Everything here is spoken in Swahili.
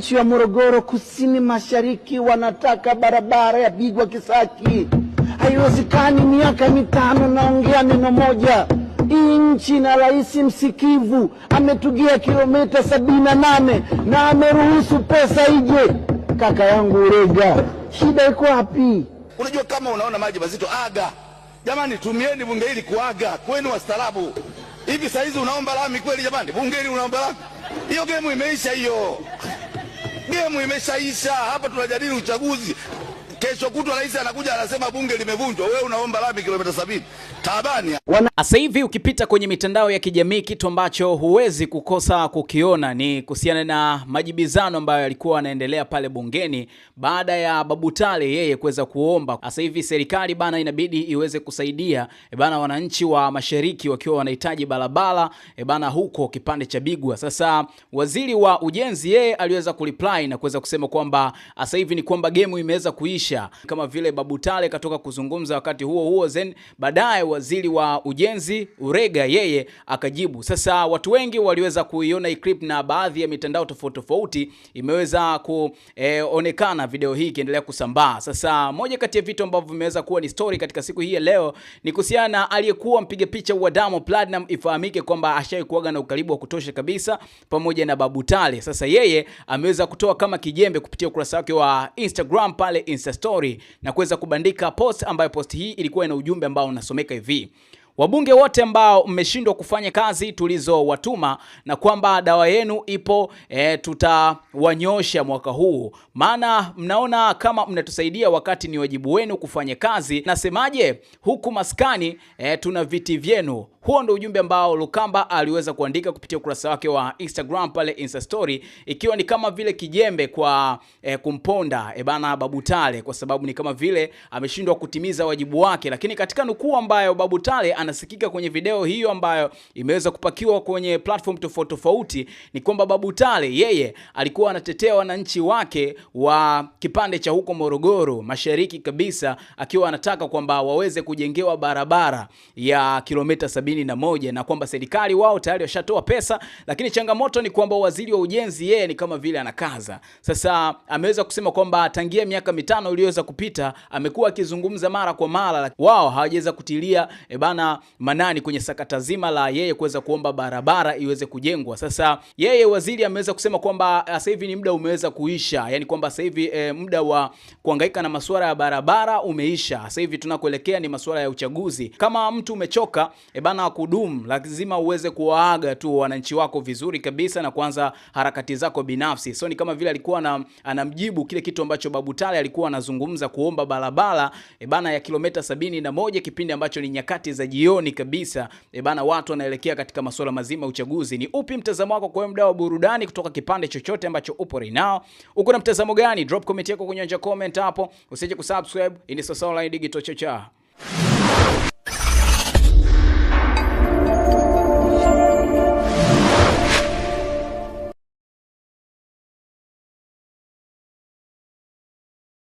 Wananchi wa Morogoro kusini mashariki wanataka barabara ya Bigwa Kisaki. Haiwezekani, miaka mitano naongea neno moja. Hii nchi na rais msikivu ametugia kilomita sabini na nane na ameruhusu pesa ije. Kaka yangu Urega, shida iko wapi? Unajua, kama unaona maji mazito, aga. Jamani, tumieni bunge hili kuaga kwenu wastarabu Hivi saa hizi unaomba lami kweli? Jamani, bunge hili unaomba lami? Hiyo gemu imeisha hiyo. Gemu imeshaisha hapa, tunajadili uchaguzi. Kesho kutwa rais anakuja anasema bunge limevunjwa, wewe unaomba lami kilomita sabini tabani. Sasa hivi ukipita kwenye mitandao ya kijamii, kitu ambacho huwezi kukosa kukiona ni kuhusiana na majibizano ambayo yalikuwa yanaendelea pale bungeni baada ya Babu Tale yeye kuweza kuomba. Sasa hivi serikali bana inabidi iweze kusaidia e bana wananchi wa mashariki wakiwa wanahitaji barabara e bana huko kipande cha Bigwa. Sasa waziri wa ujenzi yeye aliweza kureply online na kuweza kusema kwamba ah, sasa hivi ni kwamba gemu imeweza kuisha, kama vile Babu Tale katoka kuzungumza wakati huo huo, then baadaye waziri wa ujenzi Urega yeye akajibu. Sasa watu wengi waliweza kuiona hii clip na baadhi ya mitandao tofauti tofauti imeweza kuonekana, eh, e, video hii ikiendelea kusambaa. Sasa moja kati ya vitu ambavyo vimeweza kuwa ni story katika siku hii ya leo ni kuhusiana na aliyekuwa mpiga picha wa Diamond Platinum. Ifahamike kwamba ashaikuaga na ukaribu wa kutosha kabisa pamoja na Babu Tale. Sasa yeye ameweza kutoa kujitoa kama kijembe kupitia ukurasa wake wa Instagram pale Insta story na kuweza kubandika post ambayo post hii ilikuwa ina ujumbe ambao unasomeka hivi: Wabunge wote ambao mmeshindwa kufanya kazi tulizowatuma na kwamba dawa yenu ipo e, tutawanyosha mwaka huu, maana mnaona kama mnatusaidia wakati ni wajibu wenu kufanya kazi. Nasemaje huku maskani e, tuna viti vyenu. Huo ndio ujumbe ambao Lukamba aliweza kuandika kupitia ukurasa wake wa Instagram pale Insta story, ikiwa ni kama vile kijembe kwa e, kumponda e, bana Babu Tale, kwa sababu ni kama vile ameshindwa kutimiza wajibu wake, lakini katika nukuu ambayo Babu Tale anasikika kwenye video hiyo ambayo imeweza kupakiwa kwenye platform tofauti tofauti, ni kwamba Babu Tale yeye alikuwa anatetea wananchi wake wa kipande cha huko Morogoro mashariki kabisa, akiwa anataka kwamba waweze kujengewa barabara ya kilomita sabini na moja na kwamba serikali wao tayari washatoa pesa, lakini changamoto ni kwamba waziri wa ujenzi yeye ni kama vile anakaza. Sasa ameweza kusema kwamba tangia miaka mitano iliyoweza kupita amekuwa akizungumza mara kwa mara, wao hawajaweza kutilia e bana Manani kwenye sakata zima la yeye kuweza kuomba barabara iweze kujengwa. Sasa yeye waziri ameweza kusema kwamba ah, sasa hivi ni muda umeweza kuisha, yani kwamba sasa hivi e, muda wa kuhangaika na masuala ya barabara umeisha. Sasa hivi tunakoelekea ni masuala ya uchaguzi. Kama mtu umechoka e bana wa kudumu, lazima uweze kuwaaga tu wananchi wako vizuri kabisa na kuanza harakati zako binafsi. So ni kama vile alikuwa na, anamjibu kile kitu ambacho Babu Tale alikuwa anazungumza kuomba barabara e bana ya kilomita sabini na moja kipindi ambacho ni nyakati za jioni jioni kabisa e bana, watu wanaelekea katika masuala mazima ya uchaguzi. Ni upi mtazamo wako kwa mda wa burudani kutoka kipande chochote ambacho upo right now? Uko na mtazamo gani? Drop comment yako kwenye comment hapo, usije kusubscribe. Ini sasa online digital chocha